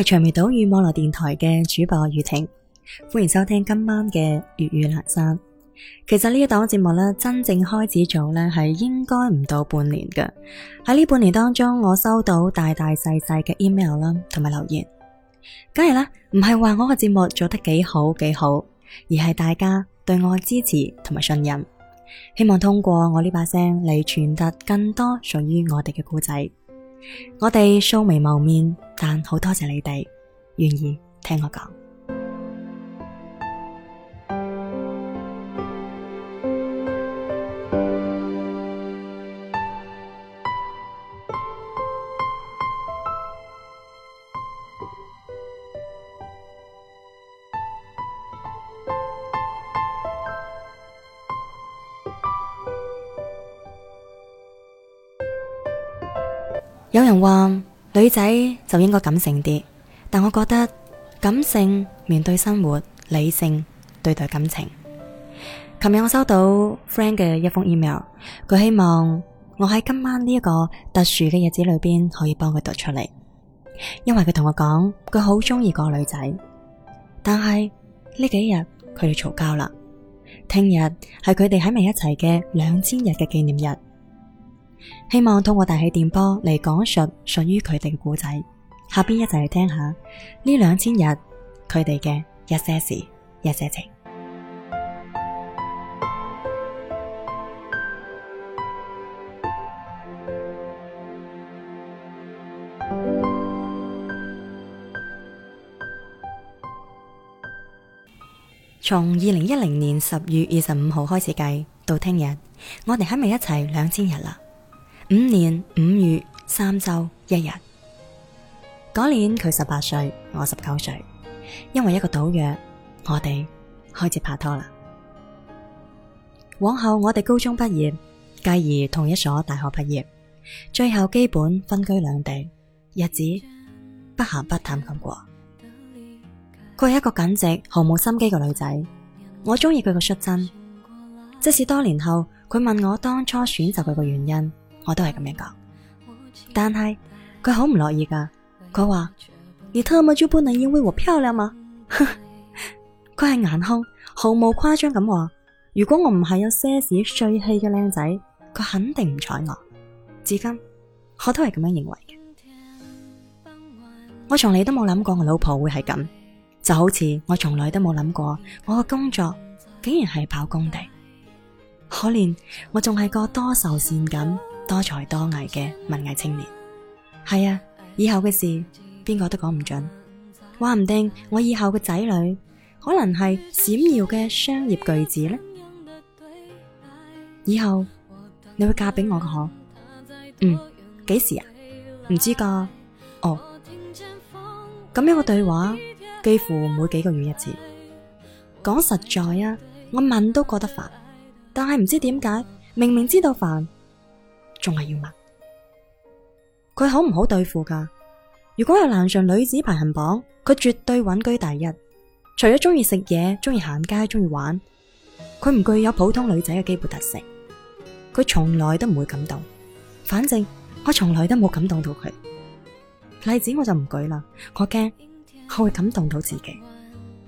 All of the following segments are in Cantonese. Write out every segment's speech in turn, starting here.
係長尾島與網絡電台嘅主播宇婷，歡迎收聽今晚嘅粵語南山。其實呢一檔節目咧，真正開始做咧係應該唔到半年嘅。喺呢半年當中，我收到大大細細嘅 email 啦，同埋留言。梗係啦，唔係話我嘅節目做得幾好幾好，而係大家對我嘅支持同埋信任。希望通過我呢把聲嚟傳達更多屬於我哋嘅故仔。我哋素未謀面，但好多謝你哋願意聽我講。有人話女仔就應該感性啲，但我覺得感性面對生活，理性對待感情。琴日我收到 friend 嘅一封 email，佢希望我喺今晚呢一個特殊嘅日子裏邊可以幫佢讀出嚟，因為佢同我講佢好中意個女仔，但係呢幾日佢哋嘈交啦。聽日係佢哋喺埋一齊嘅兩千日嘅紀念日。希望通過大氣電波嚟講述屬於佢哋嘅故仔。下邊一齊嚟聽下呢兩千日，佢哋嘅一些事、一些情。從二零一零年十月二十五號開始計，到聽日，我哋喺埋一齊兩千日啦。五年五月三周一日，嗰年佢十八歲，我十九歲。因為一個賭約，我哋開始拍拖啦。往後我哋高中畢業，繼而同一所大學畢業，最後基本分居兩地，日子不咸不淡咁過。佢係一個耿直、毫無心機嘅女仔，我中意佢嘅率真。即使多年後，佢問我當初選擇佢嘅原因。我都係咁樣講，但係佢好唔樂意噶。佢話：你特麼就不能因為我漂亮嗎？佢 係樂 顏控，毫無誇張咁話：如果我唔係有些侈帥氣嘅靚仔，佢肯定唔睬我。至今我都係咁樣認為嘅。 我從嚟都冇諗過我老婆會係咁，就好似我從來都冇諗過我嘅工作竟然係跑工地。可憐我仲係個多愁善感。多才多藝嘅文藝青年，係啊，以後嘅事邊個都講唔準，話唔定我以後嘅仔女可能係閃耀嘅商業巨子呢。以後你會嫁俾我嘅嗬？嗯，幾時啊？唔知噶。哦，咁樣嘅對話幾乎每幾個月一次。講實在啊，我問都覺得煩，但係唔知點解，明明知道煩。仲係要問佢，好唔好對付噶？如果係難馴女子排行榜，佢絕對穩居第一。除咗中意食嘢、中意行街、中意玩，佢唔具有普通女仔嘅基本特色。佢從來都唔會感動，反正我從來都冇感動到佢。例子我就唔舉啦，我驚我會感動到自己。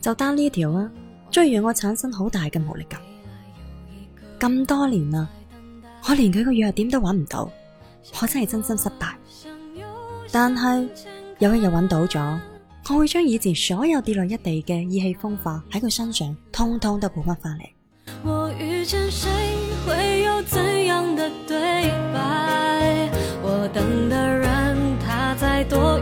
就單呢一條啊，足以讓我產生好大嘅無力感。咁多年啦，我連佢個弱點都揾唔到，我真係真心失敗。但係有一日揾到咗，我會將以前所有跌落一地嘅意氣風發喺佢身上，通通都補翻返嚟。我我遇見誰會有怎樣嘅對白？我等的人他，他在多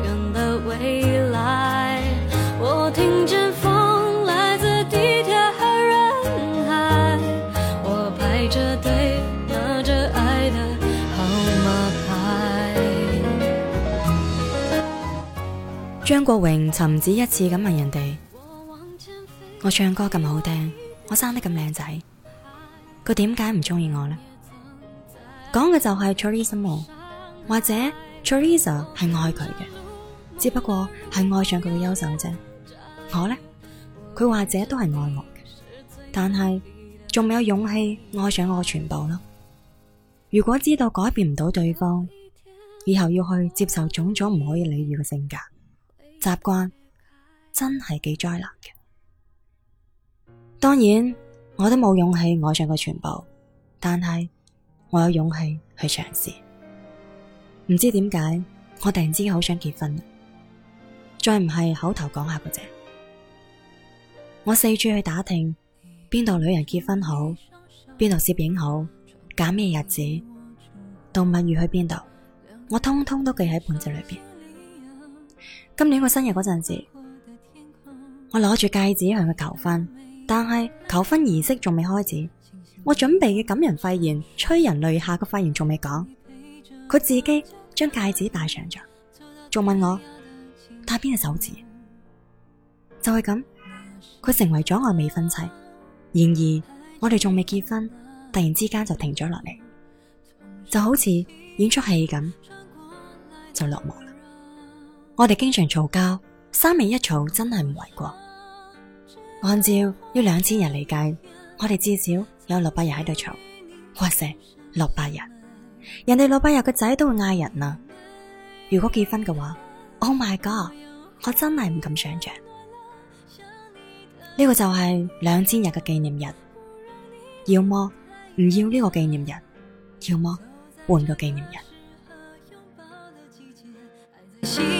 張國榮曾唔止一次咁問人哋：我唱歌咁好聽，我生得咁靚仔，佢點解唔中意我呢？講嘅就係 Teresa Mo，或者 Teresa 係愛佢嘅，只不過係愛上佢嘅優秀啫。我呢，佢或者都係愛我嘅，但係仲未有勇氣愛上我嘅全部咯。如果知道改變唔到對方，以後要去接受種種唔可以理喻嘅性格。習慣真係幾災難嘅，當然我都冇勇氣愛上佢全部，但係我有勇氣去嘗試。唔知點解，我突然之間好想結婚，再唔係口頭講下嗰啫，我四處去打聽邊度旅遊結婚好，邊度攝影好，揀咩日子，動物園去邊度，我通通都記喺本子裏邊。今年我生日嗰陣時，我攞住戒指向佢求婚，但係求婚儀式仲未開始，我準備嘅感人肺腑，催人淚下嘅發言仲未講，佢自己將戒指戴上咗，仲問我戴邊隻手指，就係咁，佢成為咗我未婚妻。然而我哋仲未結婚，突然之間就停咗落嚟，就好似演出戲咁，就落幕。我哋經常嘈交，三面一嘈真係唔為過。按照要兩千日嚟計，我哋至少有六百日喺度嘈。哇塞，六百日，人哋六百日個仔都會嗌人啊！如果結婚嘅話，Oh my God，我真係唔敢想象。呢、這個就係兩千日嘅紀念日，要麼唔要呢個紀念日，要麼換個紀念日。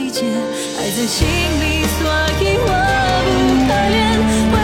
愛在心裏，所以我不可憐。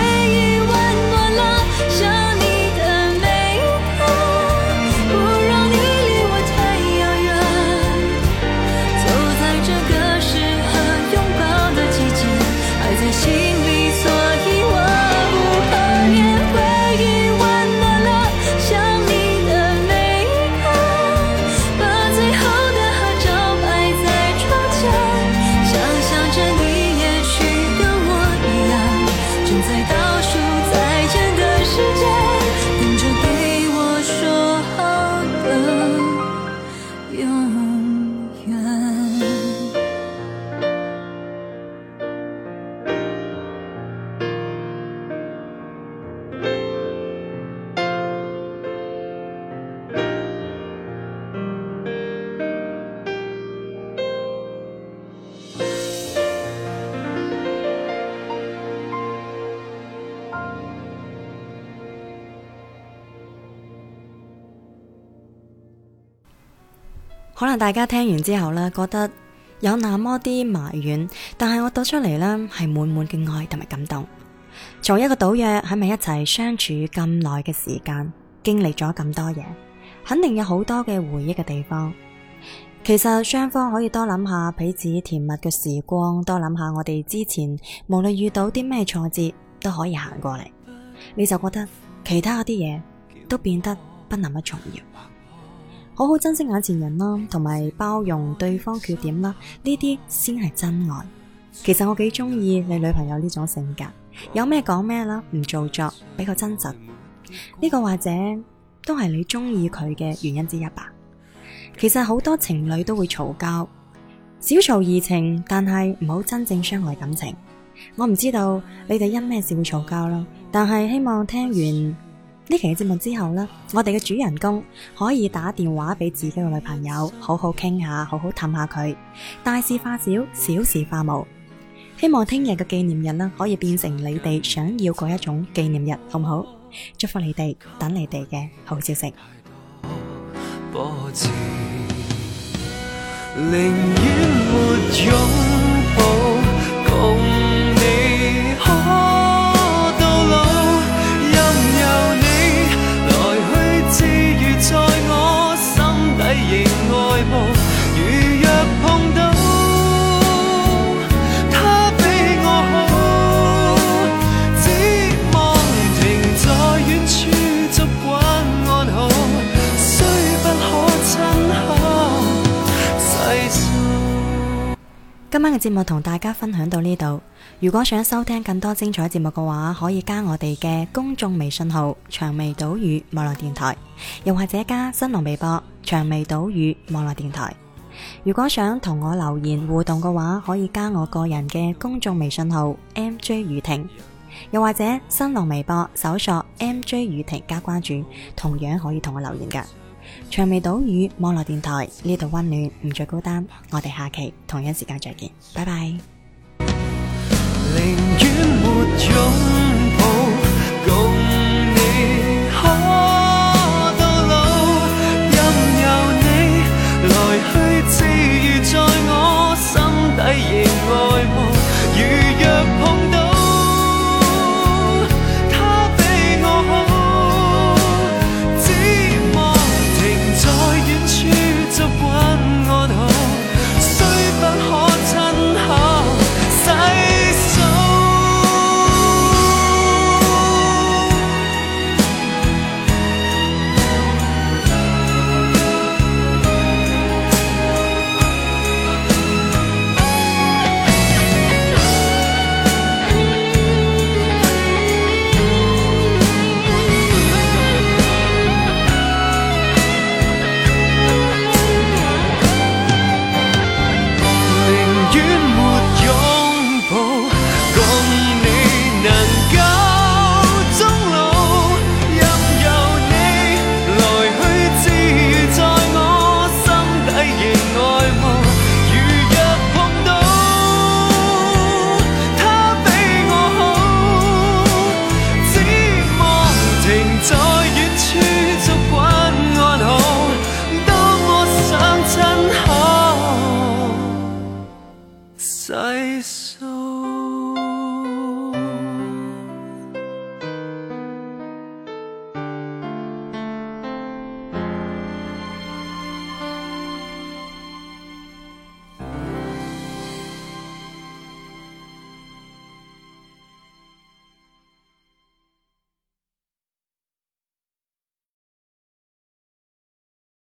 可能大家聽完之後呢，覺得有那麼啲埋怨，但係我讀出嚟呢係滿滿嘅愛同埋感動。從一個賭約喺埋一齊相處咁耐嘅時間，經歷咗咁多嘢，肯定有好多嘅回憶嘅地方。其實雙方可以多諗下彼此甜蜜嘅時光，多諗下我哋之前無論遇到啲咩挫折都可以行過嚟，你就覺得其他啲嘢都變得不那麼重要。好好珍惜眼前人啦，同埋包容對方缺點啦，呢啲先係真愛。其實我幾中意你女朋友呢種性格，有咩講咩啦，唔做作，比較真實。呢個或者都係你中意佢嘅原因之一吧。其實好多情侶都會嘈交，少嘈怡情，但係唔好真正傷害感情。我唔知道你哋因咩事會嘈交啦，但係希望聽完。呢期嘅節目之後呢，我哋嘅主人公可以打電話俾自己嘅女朋友，好好傾下，好好氹下佢，大事化小，小事化無。希望聽日嘅紀念日呢，可以變成你哋想要嗰一種紀念日，好唔好？祝福你哋，等你哋嘅好消息。今晚嘅節目同大家分享到呢度。如果想收聽更多精彩節目嘅話，可以加我哋嘅公眾微信號“長眉島嶼網絡電台”，又或者加新浪微博“長眉島嶼網絡電台”。如果想同我留言互動嘅話，可以加我個人嘅公眾微信號 “NJ 宇婷”，又或者新浪微博搜索 “NJ 宇婷”加關注，同樣可以同我留言嘅。長尾島嶼網絡電台，呢度溫暖，唔再孤單。我哋下期同一時間再見，拜拜。